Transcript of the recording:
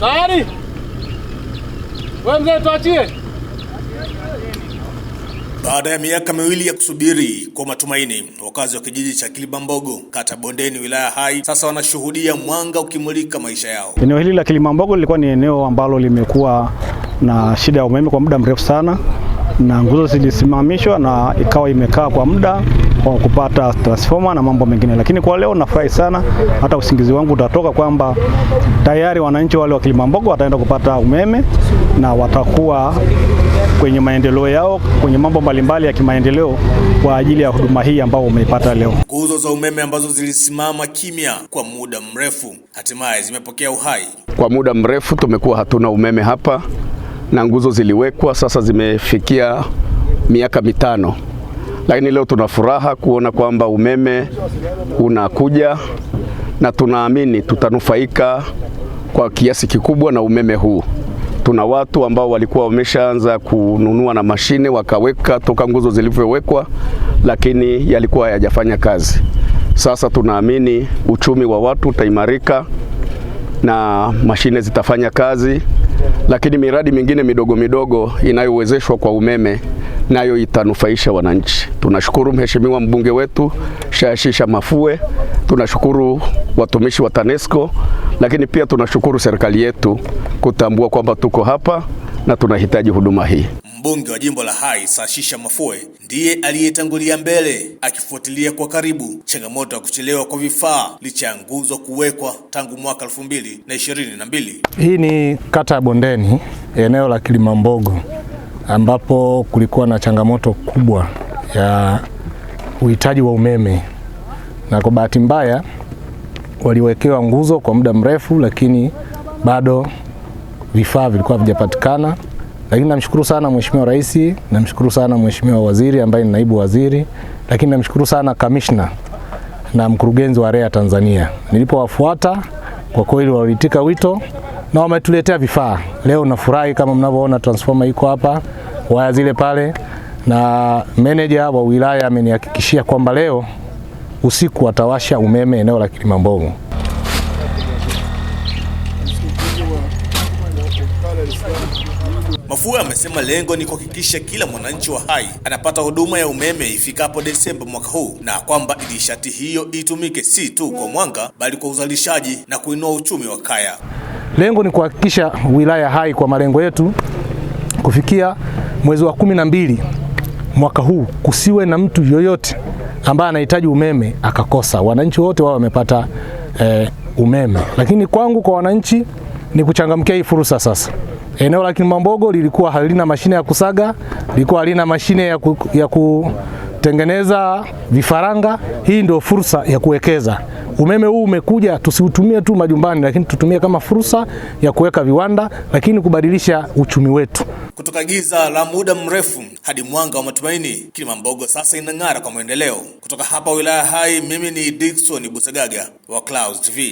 Tayari? Wewe mzee tuachie. Baada ya miaka miwili ya kusubiri kwa matumaini, wakazi wa kijiji cha Kilimambogo kata Bondeni wilaya Hai sasa wanashuhudia mwanga ukimulika maisha yao. Eneo hili la Kilimambogo lilikuwa ni eneo ambalo limekuwa na shida ya umeme kwa muda mrefu sana na nguzo zilisimamishwa na ikawa imekaa kwa muda wa kupata transformer na mambo mengine, lakini kwa leo nafurahi sana, hata usingizi wangu utatoka kwamba tayari wananchi wale wa Kilimambogo wataenda kupata umeme na watakuwa kwenye maendeleo yao kwenye mambo mbalimbali ya kimaendeleo kwa ajili ya huduma hii ambao umeipata leo. Nguzo za umeme ambazo zilisimama kimya kwa muda mrefu hatimaye zimepokea uhai. Kwa muda mrefu tumekuwa hatuna umeme hapa na nguzo ziliwekwa, sasa zimefikia miaka mitano, lakini leo tuna furaha kuona kwamba umeme unakuja na tunaamini tutanufaika kwa kiasi kikubwa na umeme huu. Tuna watu ambao walikuwa wameshaanza kununua na mashine wakaweka toka nguzo zilivyowekwa, lakini yalikuwa hayajafanya kazi. Sasa tunaamini uchumi wa watu utaimarika na mashine zitafanya kazi lakini miradi mingine midogo midogo inayowezeshwa kwa umeme nayo itanufaisha wananchi. Tunashukuru mheshimiwa mbunge wetu Shaashisha Mafue, tunashukuru watumishi wa TANESCO, lakini pia tunashukuru serikali yetu kutambua kwamba tuko hapa na tunahitaji huduma hii mbunge wa jimbo la Hai Sashisha Mafue ndiye aliyetangulia mbele akifuatilia kwa karibu changamoto ya kuchelewa kwa vifaa licha ya nguzo kuwekwa tangu mwaka elfu mbili na ishirini na mbili. Hii ni kata ya Bondeni, eneo la Kilimambogo, ambapo kulikuwa na changamoto kubwa ya uhitaji wa umeme, na kwa bahati mbaya waliwekewa nguzo kwa muda mrefu, lakini bado vifaa vilikuwa havijapatikana lakini namshukuru sana Mheshimiwa Rais, namshukuru sana Mheshimiwa Waziri ambaye ni naibu waziri, lakini namshukuru sana kamishna na mkurugenzi wa REA Tanzania. Nilipowafuata kwa kweli waliitika wito na wametuletea vifaa. Leo nafurahi kama mnavyoona transformer iko hapa, waya zile pale, na meneja wa wilaya amenihakikishia kwamba leo usiku watawasha umeme eneo la Kilimambogo. Mafua amesema lengo ni kuhakikisha kila mwananchi wa Hai anapata huduma ya umeme ifikapo Desemba mwaka huu na kwamba nishati hiyo itumike si tu kwa mwanga bali kwa uzalishaji na kuinua uchumi wa kaya. Lengo ni kuhakikisha wilaya Hai kwa malengo yetu kufikia mwezi wa kumi na mbili mwaka huu kusiwe na mtu yoyote ambaye anahitaji umeme akakosa. Wananchi wote wao wamepata eh, umeme. Lakini kwangu kwa wananchi ni kuchangamkia hii fursa sasa. Eneo la Kimambogo lilikuwa halina mashine ya kusaga, lilikuwa halina mashine ya, ku, ya kutengeneza vifaranga. Hii ndio fursa ya kuwekeza. Umeme huu umekuja, tusiutumie tu majumbani, lakini tutumie kama fursa ya kuweka viwanda, lakini kubadilisha uchumi wetu kutoka giza la muda mrefu hadi mwanga wa matumaini. kilimambogo sasa inang'ara kwa maendeleo. Kutoka hapa wilaya Hai, mimi ni Dickson Busagaga wa Clouds TV.